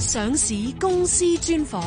上市公司專訪。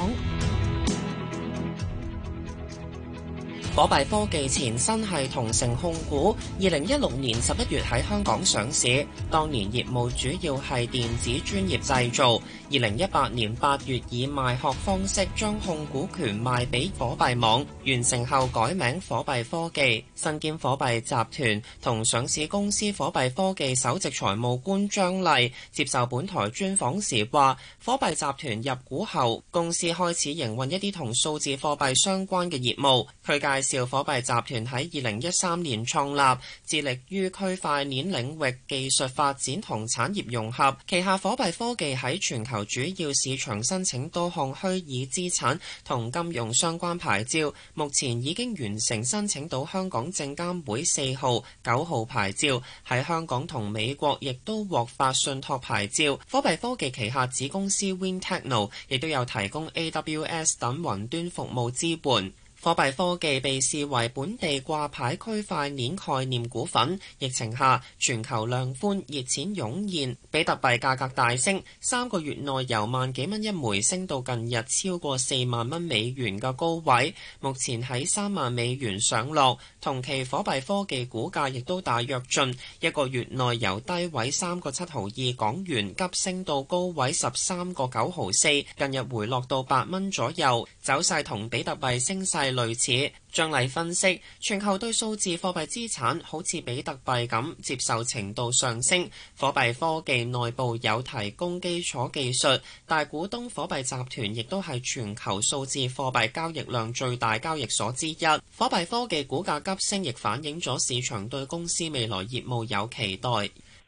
火幣科技前身係桐成控股，二零一六年十一月喺香港上市。當年業務主要係電子專業製造。二零一八年八月以賣殼方式將控股權賣俾火幣網，完成後改名火幣科技。身兼火幣集團同上市公司火幣科技首席財務官張麗接受本台專訪時話：火幣集團入股後，公司開始營運一啲同數字貨幣相關嘅業務。佢介兆火幣集團喺二零一三年創立，致力於區塊鏈領域技術發展同產業融合。旗下火幣科技喺全球主要市場申請多項虛擬資產同金融相關牌照，目前已經完成申請到香港證監會四號、九號牌照，喺香港同美國亦都獲發信託牌照。火幣科技旗下子公司 WinTechno 亦都有提供 AWS 等雲端服務支援。火幣科技被視為本地掛牌區塊鏈概念股份。疫情下全球量寬熱錢湧現，比特幣價格大升，三個月內由萬幾蚊一枚升到近日超過四萬蚊美元嘅高位，目前喺三萬美元上落。同期火幣科技股價亦都大躍進，一個月內由低位三個七毫二港元急升到高位十三個九毫四，近日回落到八蚊左右，走勢同比特幣升勢。類似張麗分析，全球對數字貨幣資產好似比特幣咁接受程度上升。火幣科技內部有提供基礎技術，大股東火幣集團亦都係全球數字貨幣交易量最大交易所之一。火幣科技股價急升，亦反映咗市場對公司未來業務有期待。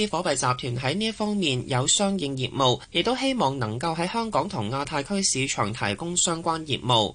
啲火幣集團喺呢一方面有相應業務，亦都希望能夠喺香港同亞太區市場提供相關業務。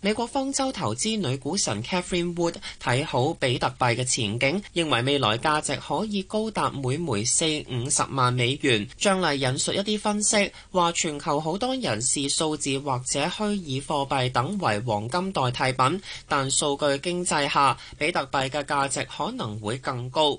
美國方舟投資女股神 Katherine Wood 睇好比特幣嘅前景，認為未來價值可以高達每枚四五十萬美元。張麗引述一啲分析話，說全球好多人視數字或者虛擬貨幣等為黃金代替品，但數據經濟下，比特幣嘅價值可能會更高。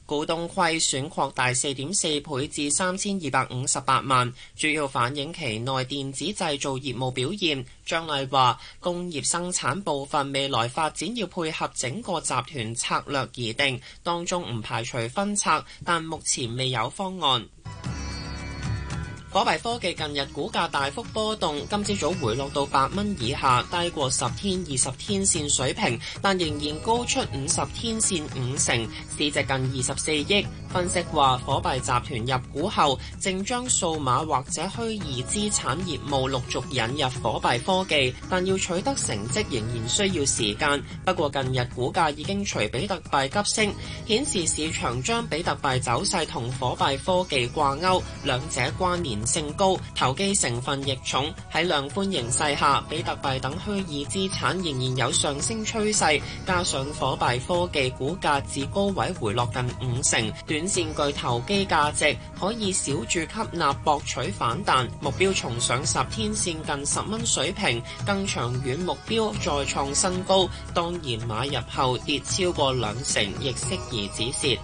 股東虧損擴大四點四倍至三千二百五十八萬，主要反映期內電子製造業務表現。張麗話：工業生產部分未來發展要配合整個集團策略而定，當中唔排除分拆，但目前未有方案。火幣科技近日股價大幅波動，今朝早回落到八蚊以下，低過十天、二十天線水平，但仍然高出五十天線五成，市值近二十四億。分析話，火幣集團入股後，正將數碼或者虛擬資產業務陸續引入火幣科技，但要取得成績仍然需要時間。不過，近日股價已經隨比特幣急升，顯示市場將比特幣走勢同火幣科技掛鈎，兩者關聯性高，投機成分亦重，喺量寬形勢下，比特幣等虛擬資產仍然有上升趨勢。加上火幣科技股價自高位回落近五成，短線具投機價值，可以小注吸納博取反彈。目標重上十天線近十蚊水平，更長遠目標再創新高。當然買入後跌超過兩成，亦適宜止蝕。